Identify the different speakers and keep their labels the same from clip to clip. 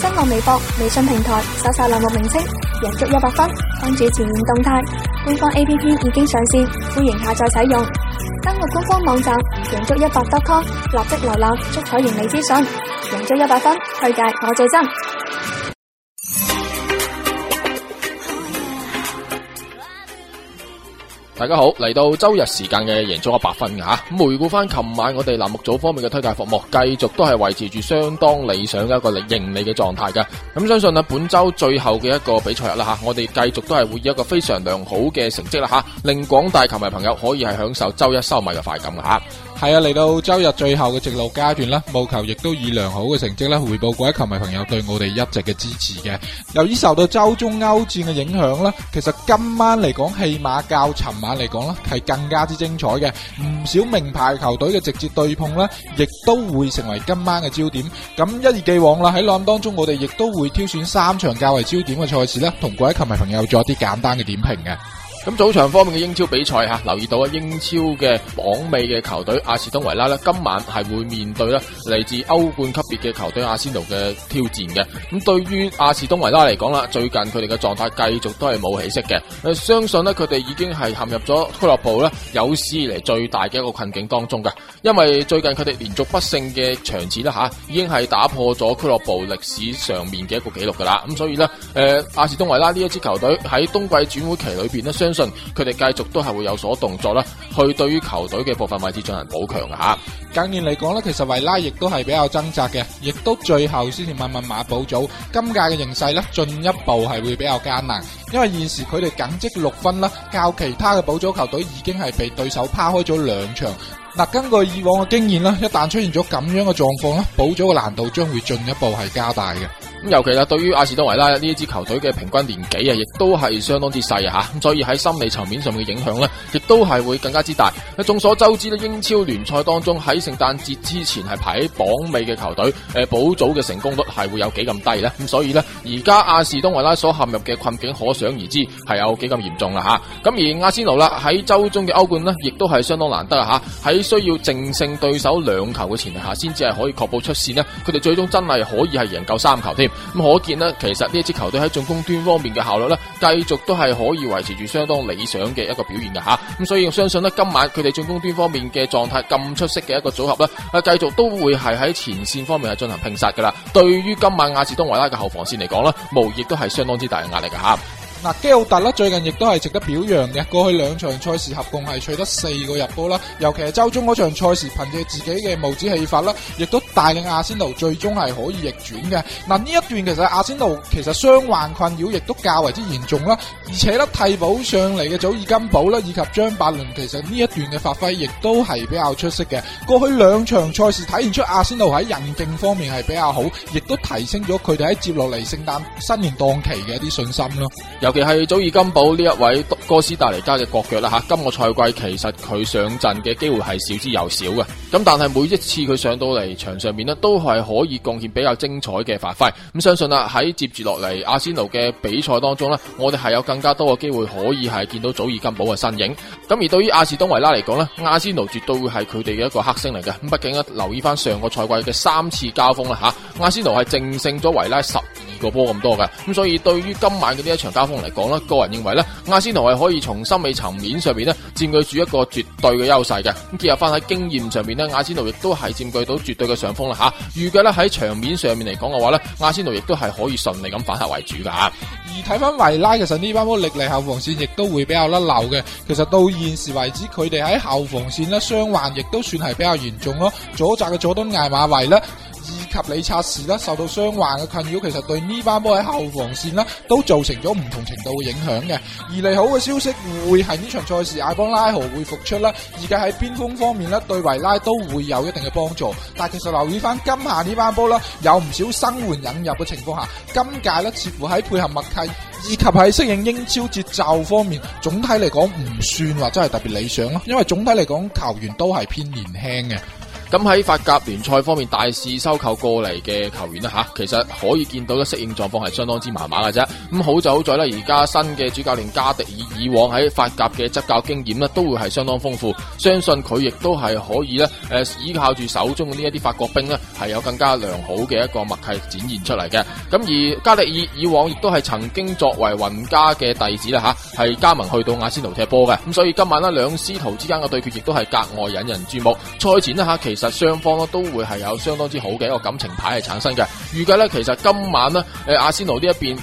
Speaker 1: 新浪微博、微信平台，搜索欄目名稱，贏足一百分；關注前沿動態，官方 A P P 已經上線，歡迎下載使用。登錄官方網站，贏足一百分 com，立即瀏覽足彩盈利資訊，贏足一百分，推介我最真。
Speaker 2: 大家好，嚟到周日時間嘅贏足一百分嘅吓，回顧翻琴晚我哋欄目組方面嘅推介服務，繼續都係維持住相當理想嘅一個盈利嘅狀態嘅，咁相信呢，本周最後嘅一個比賽日啦吓，我哋繼續都係會有一個非常良好嘅成績啦吓，令廣大球迷朋友可以係享受
Speaker 1: 周一收米嘅快感嘅吓。係啊，嚟到周日最後嘅直路階段啦，務求亦都以良好嘅成績咧回報各位球迷朋友對我哋一直嘅支持嘅。由於受到周中歐戰嘅影響啦，其實今晚嚟講，戲碼較尋晚嚟講咧係更加之精彩嘅，唔少名牌球隊嘅直接對碰啦，亦都會成為今晚嘅焦點。咁一如既往啦，喺欄當中我哋亦都會挑選三場較為焦點嘅賽事呢，同各位球迷朋友做一啲簡單嘅點評嘅。咁早場方面嘅英超比
Speaker 2: 賽吓、啊，留意到啊，英超嘅榜尾嘅球隊阿士東維拉咧，今晚係會面對咧嚟自歐冠級別嘅球隊阿仙奴嘅挑戰嘅。咁對於阿士東維拉嚟講啦，最近佢哋嘅狀態繼續都係冇起色嘅。誒、啊，相信咧佢哋已經係陷入咗俱樂部咧有史以嚟最大嘅一個困境當中噶，因為最近佢哋連續不勝嘅場次啦吓、啊，已經係打破咗俱樂部歷史上面嘅一個紀錄噶啦。咁所以呢，誒、呃，阿士東維拉呢一支球隊喺冬季轉會期裏邊咧，相佢哋繼續都係會有所動作啦，去對於
Speaker 1: 球隊嘅部分位置進行補強啊！近年嚟講咧，其實維拉亦都係比較掙扎嘅，亦都最後先至問問馬保組今屆嘅形勢咧，進一步係會比較艱難，因為現時佢哋僅積六分啦，較其他嘅保組球隊已經係被對手拋開咗兩場。嗱，根據以往嘅經驗啦，一旦出現咗咁樣嘅狀況咧，保組嘅難度將會進一步係加大嘅。
Speaker 2: 尤其係對於阿士東維拉呢支球隊嘅平均年紀啊，亦都係相當之細啊，吓，所以喺心理層面上面嘅影響咧，亦都係會更加之大。眾所周知咧，英超聯賽當中喺聖誕節之前係排喺榜尾嘅球隊，誒，保組嘅成功率係會有幾咁低呢？咁所以呢，而家阿士東維拉所陷入嘅困境可想而知係有幾咁嚴重啦，吓。咁而阿仙奴啦喺周中嘅歐冠呢，亦都係相當難得啊，吓，係需要淨勝對手兩球嘅前提下，先至係可以確保出線呢。佢哋最終真係可以係贏夠三球添。咁可見呢，其實呢一支球隊喺進攻端方面嘅效率呢，繼續都係可以維持住相當理想嘅一個表現㗎。吓。咁所以我相信呢，今晚佢哋進攻端方面嘅狀態咁出色嘅一個組合呢，啊，繼續都會係喺前線方面係進行拼殺噶啦。對於今晚亞士東維拉嘅後防線嚟講呢，無疑都係相當之大嘅壓力㗎。吓。
Speaker 1: 嗱，基奧特咧最近亦都係值得表揚嘅，過去兩場賽事合共係取得四個入波啦。尤其係周中嗰場賽事，憑借自己嘅帽子戲法啦，亦都帶領阿仙奴最終係可以逆轉嘅。嗱呢一段其實阿仙奴其實傷患困擾亦都較為之嚴重啦，而且咧替補上嚟嘅祖爾金寶啦以及張伯倫，其實呢一段嘅發揮亦都係比較出色嘅。過去兩場賽事體現出阿仙奴喺韌勁方面係比較好，亦都提升咗佢哋喺接落嚟聖誕新年檔期嘅一啲信心咯。
Speaker 2: 尤其係祖爾金寶呢一位哥斯達黎加嘅國腳啦吓，今個賽季其實佢上陣嘅機會係少之又少嘅。咁但係每一次佢上到嚟場上面咧，都係可以貢獻比較精彩嘅發揮。咁相信啦，喺接住落嚟阿仙奴嘅比賽當中咧，我哋係有更加多嘅機會可以係見到祖爾金寶嘅身影。咁而對於阿士東維拉嚟講咧，阿仙奴絕對會係佢哋嘅一個黑星嚟嘅。咁畢竟咧，留意翻上個賽季嘅三次交鋒啦吓，阿仙奴係正勝咗維拉十。個波咁多嘅，咁所以對於今晚嘅呢一場交鋒嚟講咧，個人認為咧，亞仙奴係可以從心理層面上面咧佔據住一個絕對嘅優勢嘅。咁結合翻喺經驗上面咧，亞仙奴亦都係佔據到絕對嘅上風啦吓。預計咧喺
Speaker 1: 場面上面嚟講嘅話咧，亞仙奴亦都係可以順利咁反客為主噶。而睇翻維拉，其實呢班波力尼後防線亦都會比較甩漏嘅。其實到現時為止，佢哋喺後防線傷，呢，傷患亦都算係比較嚴重咯。左閘嘅佐敦艾馬維呢，以及李察士咧受到傷患嘅困擾，其實對呢班波喺後防線咧都造成咗唔同程度嘅影響嘅。而利好嘅消息會係呢場賽事，艾邦拉豪會復出咧，而家喺邊鋒方面咧，對維拉都會有一定嘅幫助。但係其實留意翻今夏呢班波啦，有唔少新援引入嘅情況下，今屆咧似乎喺配合默契以及喺適應英超節奏方面，總體嚟講唔算話真係特別理想咯。因為總體嚟講，球員都係偏年輕嘅。
Speaker 2: 咁喺法甲聯賽方面大肆收購過嚟嘅球員啦吓，其實可以見到咧適應狀況係相當之麻麻嘅啫。咁好就好在咧，而家新嘅主教練加迪爾以往喺法甲嘅執教經驗呢都會係相當豐富，相信佢亦都係可以咧，誒依靠住手中嘅呢一啲法國兵呢，係有更加良好嘅一個默契展現出嚟嘅。咁而加迪爾以往亦都係曾經作為雲加嘅弟子啦吓，係加盟去到亞仙奴踢波嘅。咁所以今晚呢，兩師徒之間嘅對決亦都係格外引人注目。賽前呢吓，其其實雙方咯都會係有相當之好嘅一個感情牌係產生嘅，預計咧其實今晚呢，誒阿仙奴呢一邊，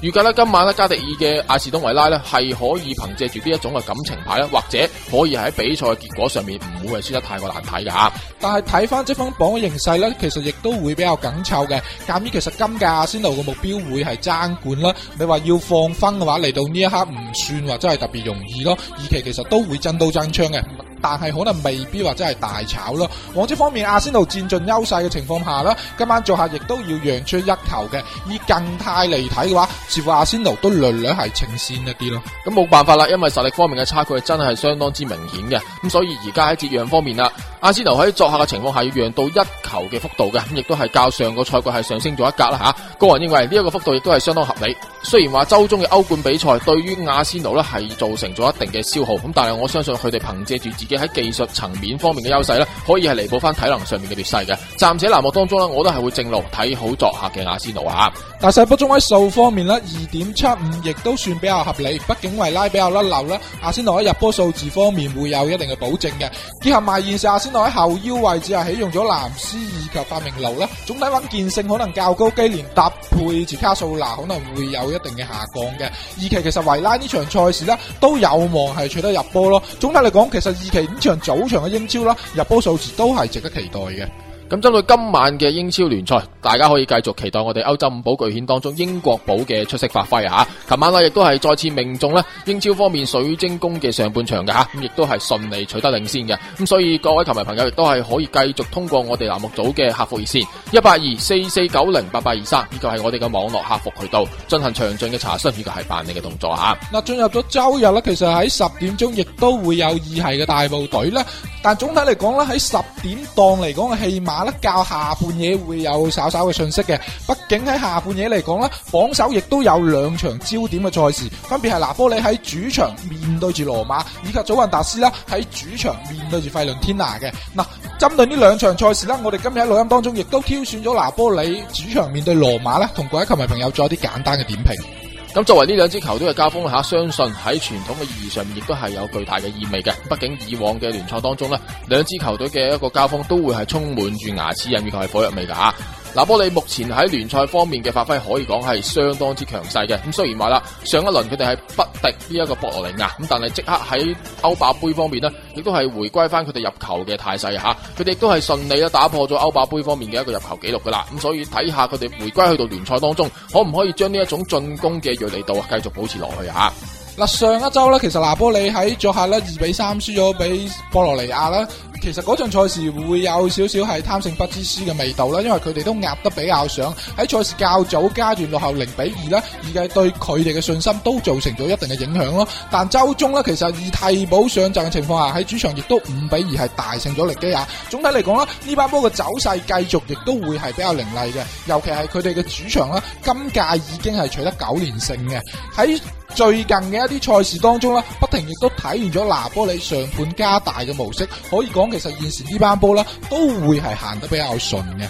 Speaker 2: 預計呢，今晚咧加迪爾嘅阿士東維拉呢係可以憑借住呢一種嘅感情牌咧，或者可以喺比賽的結果
Speaker 1: 上面唔會係輸得太過難睇㗎吓。但係睇翻積分榜嘅形勢呢，其實亦都會比較緊湊嘅。鑒於其實今屆阿仙奴嘅目標會係爭冠啦，你話要放分嘅話嚟到呢一刻唔算話真係特別容易咯。二期其，其實都會爭刀爭槍嘅。但係可能未必話真係大炒咯。往績方面，阿仙奴佔盡優勢嘅情況下啦，今晚作客亦都要讓出一球嘅。以近態嚟睇嘅話，似乎阿仙奴都略略係稱先一啲咯。咁冇辦法啦，因為實力方面嘅差距真係相當之明顯嘅。咁所以
Speaker 2: 而家喺折讓方面啦，阿仙奴喺作客嘅情況下要讓到一球嘅幅度嘅，咁亦都係較上個賽季係上升咗一格啦吓、啊。個人認為呢一個幅度亦都係相當合理。雖然話周中嘅歐冠比賽對於阿仙奴呢係造成咗一定嘅消耗，咁但係我相信佢哋憑借住自己。喺技術層面方面嘅優勢咧，可以係彌補翻體能上面嘅劣勢嘅。暫且欄目當中咧，我都係會正路睇好作客嘅阿仙奴啊！
Speaker 1: 但係入波中喺數方面呢二點七五亦都算比較合理。畢竟維拉比較甩流咧，阿仙奴喺入波數字方面會有一定嘅保證嘅。結合埋現時阿仙奴喺後腰位置係起用咗藍斯以及發明流咧，總體穩健性可能較高，基連搭配住卡素拿可能會有一定嘅下降嘅。二期其實維拉呢場賽事咧都有望係取得入波咯。總體嚟講，其實二期。整場早場嘅英超啦，入波數字都係值得期待嘅。
Speaker 2: 咁針對今晚嘅英超聯賽，大家可以繼續期待我哋歐洲五寶巨獻當中英國寶嘅出色發揮吓，琴晚啦，亦都係再次命中咧英超方面水晶宮嘅上半場嘅吓，咁亦都係順利取得領先嘅。咁所以各位球迷朋友亦都係可以繼續通過我哋欄目組嘅客服熱線一八二四四九零八八二三，呢個係我哋嘅網絡客服渠道進行詳盡嘅查詢。呢個係辦理嘅
Speaker 1: 動作吓。嗱，進入咗周日啦，其實喺十點鐘亦都會有意係嘅大部隊啦，但總體嚟講啦，喺十點檔嚟講嘅戲碼。教下半夜會有稍稍嘅信息嘅，畢竟喺下半夜嚟講啦，榜首亦都有兩場焦點嘅賽事，分別係拿波里喺主場面對住羅馬，以及祖雲達斯啦喺主場面對住費倫天拿嘅。嗱、啊，針對呢兩場賽事啦，我哋今日喺錄音當中亦都挑選咗拿波里主場面對羅馬啦，同各位球迷朋友做一啲簡單嘅點評。
Speaker 2: 咁作為呢兩支球隊嘅交鋒吓，相信喺傳統嘅意義上面，亦都係有巨大嘅意味嘅。畢竟以往嘅聯賽當中，呢兩支球隊嘅一個交鋒都會係充滿住牙齒印以及火藥味嘅吓。拿波利目前喺聯賽方面嘅發揮可以講係相當之強勢嘅，咁雖然話啦，上一輪佢哋係不敵呢一個博洛尼亞，咁但係即刻喺歐霸盃方面呢，亦都係回歸翻佢哋入球嘅態勢吓，佢哋亦都係順利啦打破咗歐霸盃方面嘅一個入球紀錄噶啦，咁所以睇下佢哋回歸去到聯賽當中，可唔可以將呢一種進攻嘅銳利度啊繼續保持落去啊？
Speaker 1: 嗱，上一周呢，其實拿波利喺作客呢二比三輸咗俾博洛尼亞啦。其實嗰場賽事會有少少係貪勝不知輸嘅味道啦，因為佢哋都壓得比較上，喺賽事較早階段落後零比二啦，而家對佢哋嘅信心都造成咗一定嘅影響咯。但周中呢，其實以替補上陣嘅情況下，喺主場亦都五比二係大勝咗力基亞。總體嚟講啦，呢把波嘅走勢繼續亦都會係比較凌厲嘅，尤其係佢哋嘅主場啦，今屆已經係取得九連勝嘅。喺最近嘅一啲賽事當中呢，不停亦都體現咗拿波里上盤加大嘅模式，可以講。其實現時呢班波啦，都會係行得比較順嘅。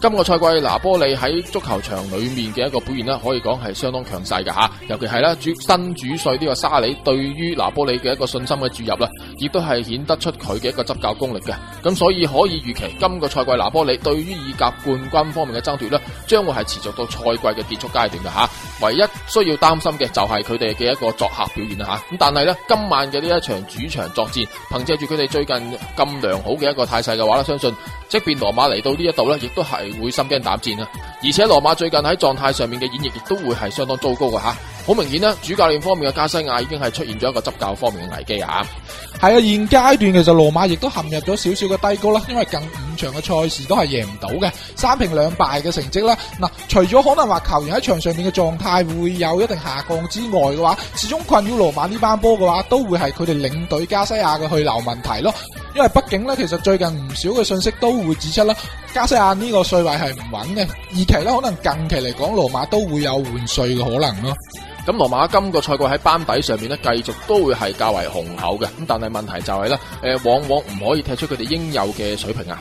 Speaker 1: 今個賽季，
Speaker 2: 拿波利喺足球場裏面嘅一個表現咧，可以講係相當強勢噶吓。尤其係啦，主新主帥呢個沙里，對於拿波利嘅一個信心嘅注入啦。亦都係顯得出佢嘅一個執教功力嘅，咁所以可以預期今個賽季拿波里對於意甲冠軍方面嘅爭奪呢，將會係持續到賽季嘅結束階段嘅吓。唯一需要擔心嘅就係佢哋嘅一個作客表現啦吓。咁但係呢，今晚嘅呢一場主場作戰，憑借住佢哋最近咁良好嘅一個態勢嘅話咧，相信即便羅馬嚟到呢一度呢，亦都係會心驚膽戰啦。而且羅馬最近喺狀態上面嘅演繹亦都會係相當糟糕嘅吓。好明顯啦，主教練方面嘅加西亞已經係出現咗一個執教方面嘅危機啊！
Speaker 1: 係啊，現階段其實羅馬亦都陷入咗少少嘅低谷啦，因為近五場嘅賽事都係贏唔到嘅，三平兩敗嘅成績啦。嗱，除咗可能話球員喺場上面嘅狀態會有一定下降之外嘅話，始終困擾羅馬呢班波嘅話，都會係佢哋領隊加西亞嘅去留問題咯。因為畢竟呢，其實最近唔少嘅信息都會指出啦，加西亞呢個帥位係唔穩嘅。二期呢，可能近期嚟講羅馬都會有換帥嘅可能咯。咁羅馬今個
Speaker 2: 賽季喺班底上面咧，繼續都會係較為雄厚嘅。咁但係問題就係咧，誒，往往唔可以踢出佢哋應有嘅水平啊！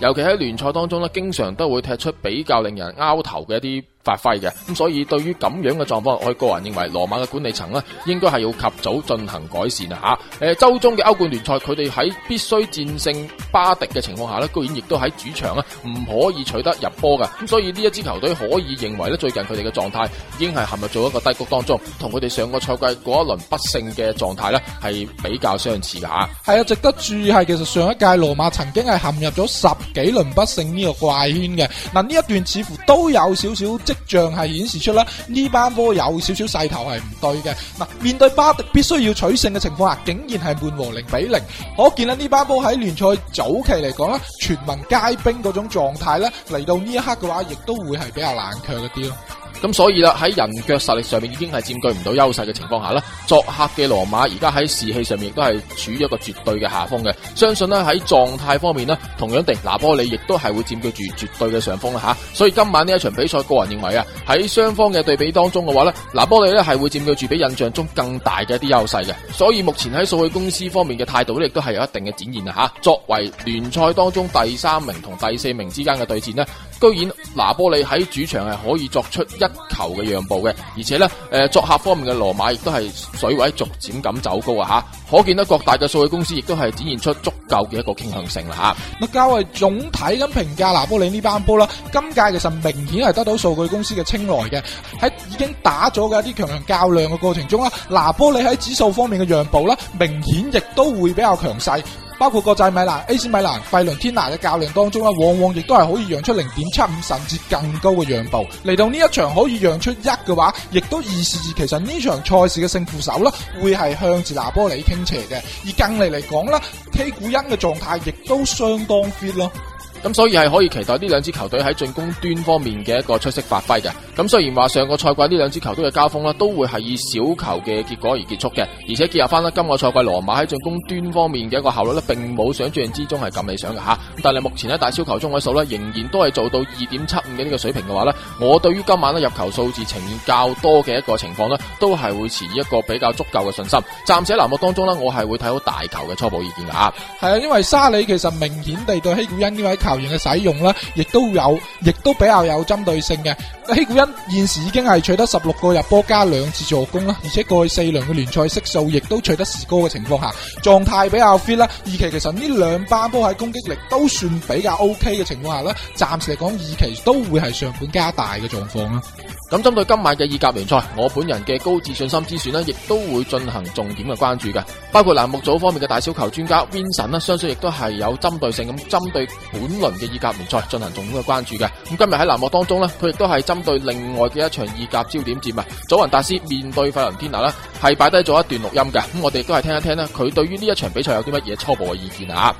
Speaker 2: 吓，尤其喺聯賽當中咧，經常都會踢出比較令人拗頭嘅一啲。發揮嘅，咁所以對於咁樣嘅狀況，我個人認為羅馬嘅管理層咧，應該係要及早進行改善啊吓。誒，周中嘅歐冠聯賽，佢哋喺必須戰勝巴迪嘅情況下咧，居然亦都喺主場啊唔可以取得入波嘅。咁所以呢一支球隊可以認為咧，最近佢哋嘅狀態，已經係陷入咗一個低谷當中，同佢哋上個賽季嗰一輪不勝嘅狀態咧，係比較相似嘅
Speaker 1: 吓。係啊，值得注意係，其實上一屆羅馬曾經係陷入咗十幾輪不勝呢個怪圈嘅。嗱，呢一段似乎都有少少即。像係顯示出啦，呢班波有少少勢頭係唔對嘅。嗱，面對巴迪必須要取勝嘅情況下，竟然係悶和零比零，可見啦，呢班波喺聯賽早期嚟講啦，全民皆兵嗰種狀態咧，嚟到呢一刻嘅話，亦都會係比較冷
Speaker 2: 卻一啲咯。咁所以啦，喺人腳實力上面已經係佔據唔到優勢嘅情況下呢，作客嘅羅馬而家喺士氣上面亦都係處於一個絕對嘅下風嘅。相信呢，喺狀態方面呢，同樣地，拿波利亦都係會佔據住絕對嘅上風啦吓。所以今晚呢一場比賽，個人認為啊，喺雙方嘅對比當中嘅話呢，拿波利呢係會佔據住比印象中更大嘅一啲優勢嘅。所以目前喺數據公司方面嘅態度呢，亦都係有一定嘅展現吓。作為聯賽當中第三名同第四名之間嘅對戰呢。居然拿波利喺主場係可以作出一球嘅讓步嘅，而且咧，誒，作客方面嘅羅馬亦都係水位逐漸咁走高啊！吓，可見得各大嘅數據公司亦都係展現出足
Speaker 1: 夠嘅一個傾向性啦！吓，我較為總體咁評價拿波利呢班波啦，今屆其實明顯係得到數據公司嘅青睞嘅，喺已經打咗嘅一啲強強較量嘅過程中啦，拿波利喺指數方面嘅讓步啦，明顯亦都會比較強勢。包括國際米蘭、AC 米蘭、費倫天拿嘅較量當中咧，往往亦都係可以讓出零點七五甚至更高嘅讓步。嚟到呢一場可以讓出一嘅話，亦都預示住其實這場賽的呢場賽事嘅勝負手啦，會係向住拿波里傾斜嘅。而近嚟嚟講咧，K 古恩嘅狀態亦都相當 fit 咯。
Speaker 2: 咁所以係可以期待呢兩支球隊喺進攻端方面嘅一個出色發揮嘅。咁雖然話上個賽季呢兩支球隊嘅交鋒呢都會係以小球嘅結果而結束嘅。而且結合翻，呢今個賽季羅馬喺進攻端方面嘅一個效率呢，並冇想象之中係咁理想嘅吓。但係目前呢大小球中位數呢，仍然都係做到二點七五嘅呢個水平嘅話呢，我對於今晚呢入球數字呈現較多嘅一個情況呢，都係會持
Speaker 1: 一個比較足夠嘅信心。暫時喺欄目當中呢，我係會睇好大球嘅初步意見噶啊。係啊，因為沙里其實明顯地對希古恩呢位。球員嘅使用啦，亦都有，亦都比較有針對性嘅。希古恩現時已經係取得十六個入波加兩次助攻啦，而且過去四輪嘅聯賽悉數亦都取得士高嘅情況下，狀態比較 fit 啦。二期其實呢兩班波喺攻擊力都算比較 OK 嘅情況下呢，暫時嚟講二期都會係上盤加大嘅狀況啦。咁針對今晚嘅意甲聯賽，我本人嘅高自信心之
Speaker 2: 選呢亦都會進行重點嘅關注嘅。包括欄目組方面嘅大小球專家 Vincent 呢，相信亦都係有針對性咁，針對本輪嘅意甲聯賽進行重點嘅關注嘅。咁今日喺欄目當中呢，佢亦都係針對另外嘅一場意甲焦點戰啊，祖雲達斯面對費倫天拿係係擺低咗一段錄音嘅。咁我哋亦都係聽一聽呢，佢對於呢一場比賽有啲乜嘢初步嘅意見啊？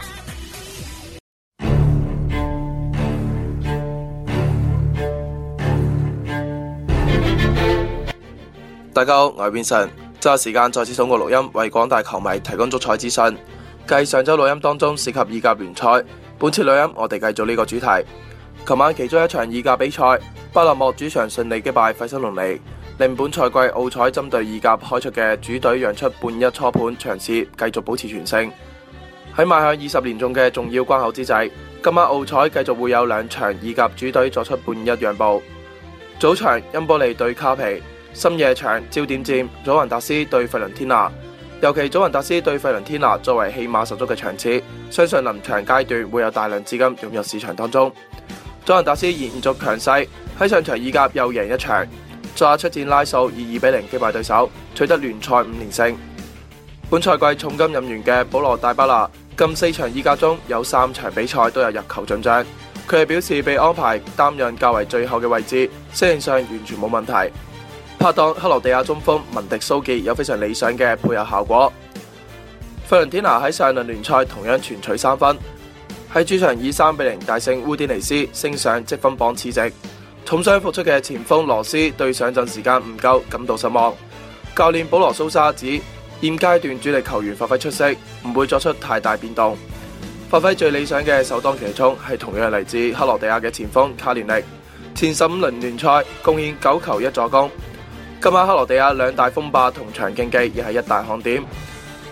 Speaker 3: 大家好，我係 Vinson，揸時間再次通過錄音為廣大球迷提供足彩資訊。繼上周錄音當中涉及意甲聯賽，本次錄音我哋繼續呢個主題。琴晚其中一場意甲比賽，巴勒莫主場順利擊敗費辛龍尼，令本賽季澳彩針對意甲開出嘅主隊讓出半一初盤，嘗試繼續保持全勝。喺邁向二十年中嘅重要關口之際，今晚澳彩繼續會有兩場意甲主隊作出半一讓步。早場，恩波利對卡皮。深夜場焦點戰，祖雲達斯對費倫天拿，尤其祖雲達斯對費倫天拿作為戲碼十足嘅場次，相信臨場階段會有大量資金湧入市場當中。祖雲達斯延續強勢，喺上場意甲又贏一場，再出戰拉素以二比零擊敗對手，取得聯賽五連勝。本賽季重金引援嘅保羅大巴拿，近四場意甲中有三場比賽都有入球進賬。佢表示被安排擔任較為最後嘅位置，適應上完全冇問題。拍檔克羅地亞中鋒文迪蘇記有非常理想嘅配合效果。費倫天拿喺上輪聯賽同樣全取三分，喺主場以三比零大勝烏丁尼斯，升上積分榜次席。重傷復出嘅前鋒羅斯對上陣時間唔夠感到失望。教練保羅蘇沙指現階段主力球員發揮出色，唔會作出太大變動。發揮最理想嘅首當其衝係同樣嚟自克羅地亞嘅前鋒卡連力，前十五輪聯賽貢獻九球一助攻。今晚克羅地亞兩大風霸同場競技亦係一大看點。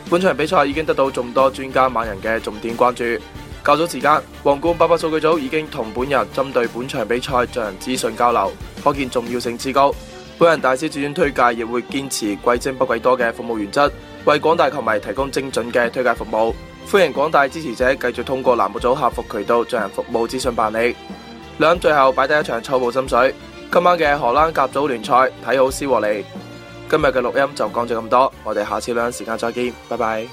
Speaker 3: 本場比賽已經得到眾多專家、猛人嘅重點關注。較早時間，皇冠八八數據組已經同本人針對本場比賽進行資訊交流，可見重要性之高。本人大師自願推介亦會堅持貴精不貴多嘅服務原則，為廣大球迷提供精準嘅推介服務。歡迎廣大支持者繼續通過欄目組客服渠道進行服務資訊辦理。兩最後擺低一場初步心水。今晚嘅荷蘭甲組聯賽，睇好斯和利。今日嘅錄音就講咗咁多，我哋下次兩時間再見，拜拜。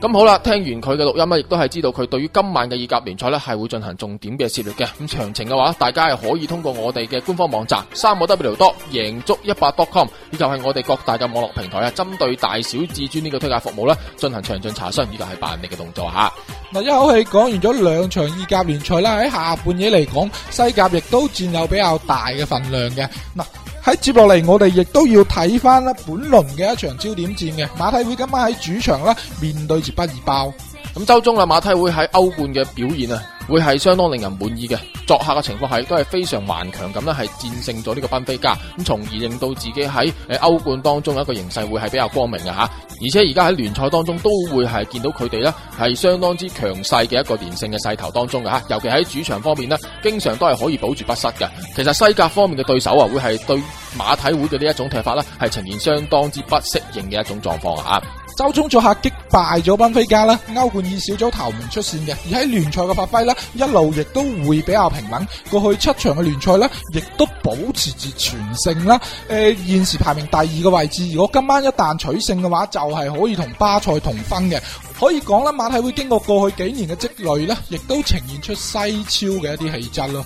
Speaker 2: 咁好啦，聽完佢嘅錄音咧，亦都係知道佢對於今晚嘅意甲聯賽咧係會進行重點嘅涉獵嘅。咁詳情嘅話，大家係可以通過我哋嘅官方網站三個 W 多贏足一百 .com，以及係我哋各大嘅網絡平台啊，針對大小至尊呢個推介服務咧進行詳盡查詢，以及係辦理嘅動作吓
Speaker 1: 嗱。一口氣講完咗兩場意甲聯賽啦，喺下半夜嚟講，西甲亦都佔有比較大嘅份量嘅嗱。喺接落嚟，我哋亦都要睇返啦，本輪嘅一場焦點戰嘅馬體會今晚喺主場啦，面對住畢爾包。
Speaker 2: 咁周中啊，馬體會喺歐冠嘅表現啊，會係相當令人滿意嘅。作客嘅情況係都係非常頑強咁，呢係戰勝咗呢個班菲加，咁從而令到自己喺誒歐冠當中一個形勢會係比較光明嘅吓。而且而家喺聯賽當中都會係見到佢哋咧係相當之強勢嘅一個連勝嘅勢頭當中嘅吓。尤其喺主場方面呢，經常都係可以保住不失嘅。其實西甲方面嘅對手啊，會係對馬體會嘅呢一種踢法呢係呈現相當之不適應嘅一種狀況啊。
Speaker 1: 周中做客擊敗咗賓菲加啦，歐冠二小組頭名出線嘅，而喺聯賽嘅發揮呢，一路亦都會比較平穩。過去七場嘅聯賽呢，亦都保持住全勝啦。誒、呃，現時排名第二嘅位置，如果今晚一旦取勝嘅話，就係、是、可以同巴塞同分嘅。可以講啦，馬體會經過過去幾年嘅積累呢，亦都呈現出西超嘅一啲氣質咯。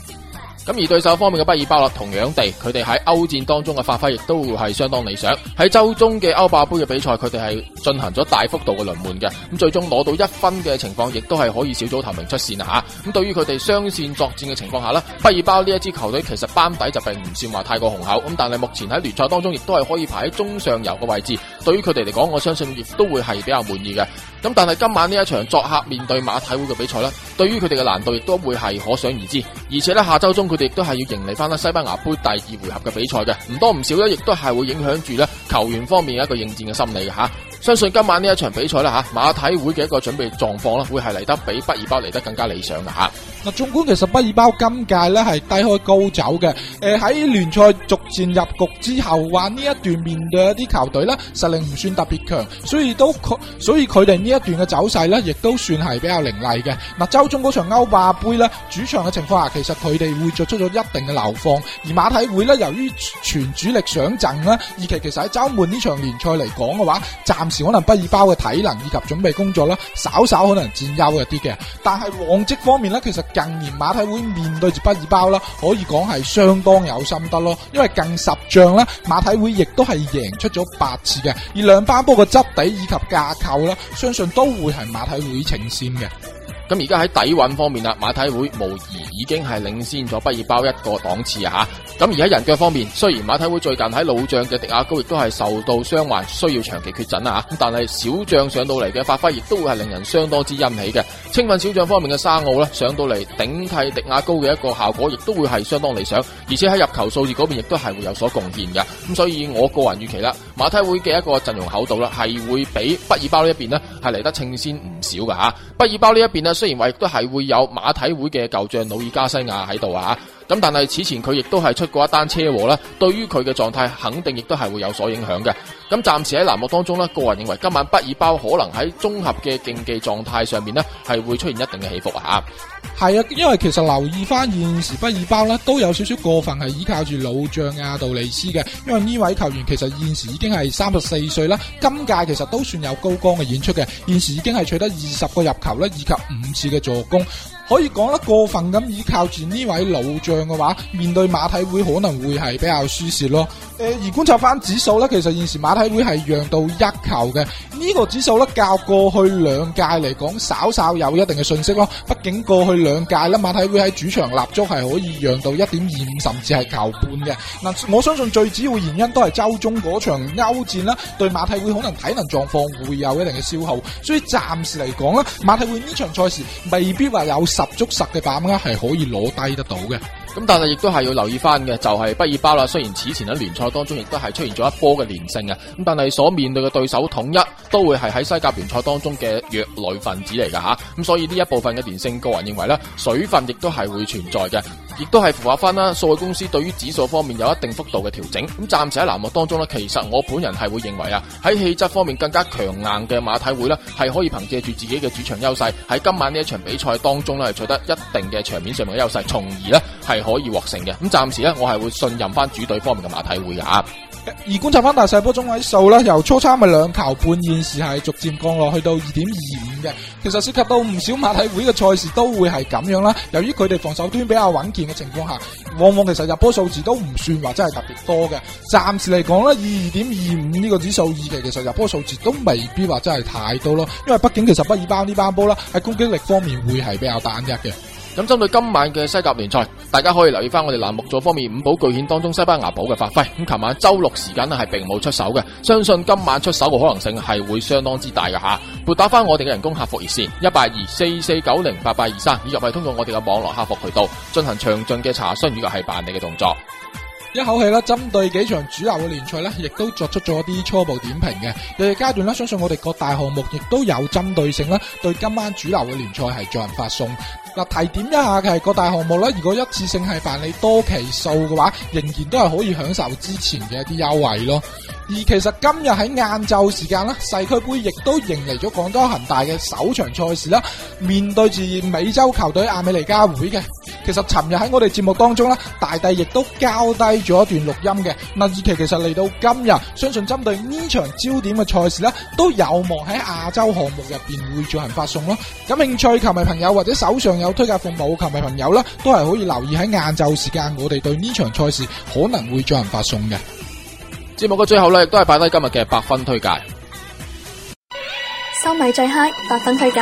Speaker 2: 咁而對手方面嘅畢爾包啦，同樣地，佢哋喺歐戰當中嘅發揮亦都係相當理想。喺周中嘅歐霸盃嘅比賽，佢哋係進行咗大幅度嘅輪換嘅，咁最終攞到一分嘅情況，亦都係可以小組頭名出線啊！吓，咁對於佢哋雙線作戰嘅情況下呢，畢爾包呢一支球隊其實班底就並唔算話太過雄厚，咁但係目前喺聯賽當中亦都係可以排喺中上游嘅位置。對於佢哋嚟講，我相信亦都會係比較滿意嘅。咁但係今晚呢一場作客面對馬體會嘅比賽咧，對於佢哋嘅難度亦都會係可想而知。而且呢，下周中，佢哋都係要迎嚟翻啦西班牙杯第二回合嘅比賽嘅，唔多唔少咧，亦都係會影響住咧球員方面一個應戰嘅心理嘅吓。相信今晚呢一場比賽啦吓，馬體會嘅一個準備狀況啦，會係嚟得比畢爾巴嚟得更加理想嘅吓。
Speaker 1: 嗱，縱觀其實畢爾包今屆咧係低開高走嘅，誒喺聯賽逐漸入局之後，話呢一段面對的一啲球隊咧實力唔算特別強，所以都佢所以佢哋呢一段嘅走勢咧，亦都算係比較凌厲嘅。嗱，周中嗰場歐霸杯咧主場嘅情況下，其實佢哋會作出咗一定嘅流放，而馬體會咧由於全主力上陣啦，以其其實喺周末呢場聯賽嚟講嘅話，暫時可能畢爾包嘅體能以及準備工作啦，稍稍可能佔優一啲嘅，但係往績方面咧，其實。近年馬體會面對住畢爾包啦，可以講係相當有心得咯。因為近十仗啦，馬體會亦都係贏出咗八次嘅，而兩班波嘅質地以及架構啦，相信都會係馬體會呈現嘅。
Speaker 2: 咁而家喺底蘊方面啦，馬體會無疑已經係領先咗畢爾包一個檔次吓，咁而喺人腳方面，雖然馬體會最近喺老將嘅迪亞高亦都係受到傷患，需要長期缺陣啦，但係小將上到嚟嘅發揮亦都係令人相當之欣喜嘅。青訓小將方面嘅沙奧啦，上到嚟頂替迪亞高嘅一個效果，亦都會係相當理想，而且喺入球數字嗰邊亦都係會有所貢獻嘅。咁所以，我個人預期啦。馬體會嘅一個陣容厚度啦，係會比畢爾包呢一邊呢係嚟得稱鮮唔少嘅嚇。畢爾包呢一邊呢，雖然話亦都係會有馬體會嘅舊將努爾加西亞喺度嚇。咁但係此前佢亦都係出過一單車禍啦，對於佢嘅狀態肯定亦都係會有所影響嘅。咁暫時喺欄目當中呢，個人認為今晚畢爾包可能喺綜合嘅競技狀態上面呢係會出現一定嘅起伏吓。
Speaker 1: 係啊，因為其實留意翻現時畢爾包呢都有少少過分係依靠住老將阿杜里斯嘅，因為呢位球員其實現時已經係三十四歲啦，今屆其實都算有高光嘅演出嘅，現時已經係取得二十個入球呢，以及五次嘅助攻。可以講得過分咁依靠住呢位老將嘅話，面對馬體會可能會係比較舒適咯。誒，而觀察翻指數咧，其實現時馬體會係讓到一球嘅。呢個指數咧，較過去兩屆嚟講，稍稍有一定嘅信息咯。畢竟過去兩屆咧，馬體會喺主場立足係可以讓到一點二五，甚至係球半嘅。嗱，我相信最主要原因都係周中嗰場歐戰啦，對馬體會可能體能狀況會有一定嘅消耗，所以暫時嚟講咧，馬體會呢場賽事未必話有十足十嘅把握係可以攞低得到嘅。
Speaker 2: 咁但係亦都係要留意翻嘅，就係、是、畢爾包啦。雖然此前喺聯賽當中亦都係出現咗一波嘅連勝嘅，咁但係所面對嘅對手統一都會係喺西甲聯賽當中嘅弱旅分子嚟㗎。吓，咁所以呢一部分嘅連勝，個人認為咧水分，亦都係會存在嘅。亦都係符合翻啦，數據公司對於指數方面有一定幅度嘅調整。咁暫時喺欄目當中呢,其實我本人係會認為啊，喺氣質方面更加強硬嘅馬體會呢，係可以憑借住自己嘅主場優勢喺今晚呢一場比賽當中呢，係取得一定嘅場面上面嘅優勢，從而呢係可以獲勝嘅。咁暫時呢，我係會信任翻主隊方面嘅馬體會噶啊。
Speaker 1: 而觀察返大細波中位數，由初參咪兩球半現時係逐漸降落去到二點二五嘅，其實涉及到唔少馬體會嘅賽事都會係咁樣啦。由於佢哋防守端比較穩健嘅情況下，往往其實入波數字都唔算話真係特別多嘅。暫時嚟講咧，二點二五呢個指數，二期其實入波數字都未必話真係太多咯。因為畢竟其實不爾班呢班波啦，喺攻擊力方面會係比較單一嘅。咁針對今
Speaker 2: 晚嘅西甲聯賽，大家可以留意翻我哋欄目組方面五寶巨獻當中西班牙寶嘅發揮。咁琴晚周六時間呢係並冇出手嘅，相信今晚出手嘅可能性係會相當之大嘅吓。撥打翻我哋嘅人工客服熱線一八二四四九零八八二三，23，以及係通過我哋嘅網絡客服渠道進行詳盡嘅查詢以及係辦理嘅動作。
Speaker 1: 一口氣咧，針對幾場主流嘅聯賽咧，亦都作出咗啲初步點評嘅。第二階段咧，相信我哋各大項目亦都有針對性啦，對今晚主流嘅聯賽係進行發送。嗱，提點一下嘅係各大項目咧，如果一次性係辦理多期數嘅話，仍然都係可以享受之前嘅一啲優惠咯。而其實今日喺晏晝時間咧，世俱杯亦都迎嚟咗廣州恆大嘅首場賽事啦。面對住美洲球隊阿美尼加會嘅，其實尋日喺我哋節目當中呢，大帝亦都交低咗一段錄音嘅。嗱，其其實嚟到今日，相信針對呢場焦點嘅賽事呢，都有望喺亞洲項目入邊會進行發送咯。咁興趣球迷朋友或者手上有推介服務球迷朋友呢，都係可以留意喺晏晝時間，我哋對呢場賽事可能會進行發送嘅。
Speaker 2: 節目嘅最後咧，亦都係擺低今日嘅百分推介。
Speaker 1: 收米最 high，百分推介。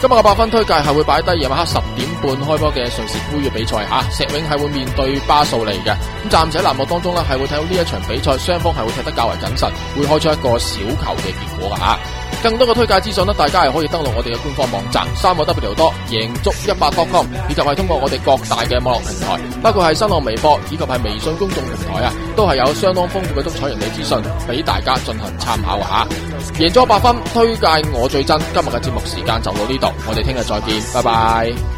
Speaker 2: 今日嘅百分推介係會擺低夜晚黑十點半開波嘅瑞士杯嘅比賽吓，石永係會面對巴素利嘅。咁暫時喺欄目當中咧，係會睇到呢一場比賽，雙方係會踢得較為謹慎，會開出一個小球嘅結果噶吓。更多嘅推介資訊呢，大家係可以登錄我哋嘅官方網站，三個 W 多贏足一百 .com，以及係通過我哋各大嘅網絡平台，包括係新浪微博，以及係微信公眾平台啊，都係有相當豐富嘅足彩人哋資訊俾大家進行參考下。贏足 100FUN，推介我最真。今日嘅節目時間就到呢度，我哋聽日再見，拜拜。